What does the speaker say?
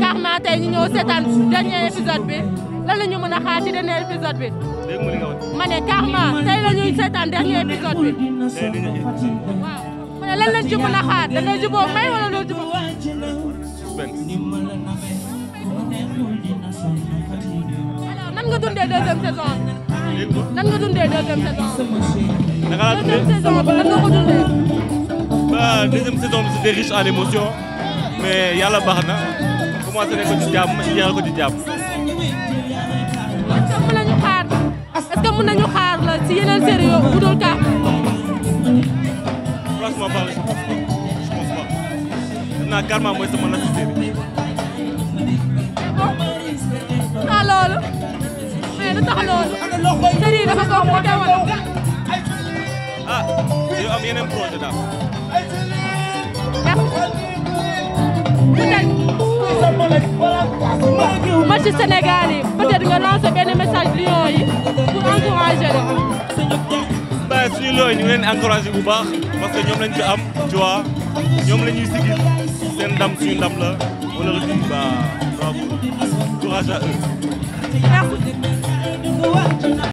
Karma tey ñu ñëw seetaan dernier épisode bi lan la ñu mën a xaar ci dernier épisode bi. ma ne Karma tey la ñuy seetaan dernier épisode bi. waaw ma ne lan lañ ci mën a xaar da ngay jubóo may wala doo jubóo. alors nan nga dundee deuxième saison nan nga dundee deuxième saison. naka laa dundee deuxième saison bi nan nga ko dundee. deuxième saison bi c'était riche en émotion mais yàlla baax na. commencé nañ ko ci jàmm jeexal ko ci jàmm. est-ce que mën nañu xaar est-ce que mën nañu xaar la si yeneen série yoo bu dul kaa. franchement parle je pense pas je pense pas def naa Karma mooy sama la ci série. ah loolu. mais lu tax loolu. série yi dafa ko mbokkee wala. ah yow am yeneen projet daal. ci Sénégal yi peut-être nga lancer benn message Lions yi pour encourager la. waaye suñu Lions yi ñu ngi leen encourager bu baax parce que ñoom lañ ci am tu vois ñoom la ñuy sigil seen ndam suñu ndam la wala la ñuy ba bravo courage à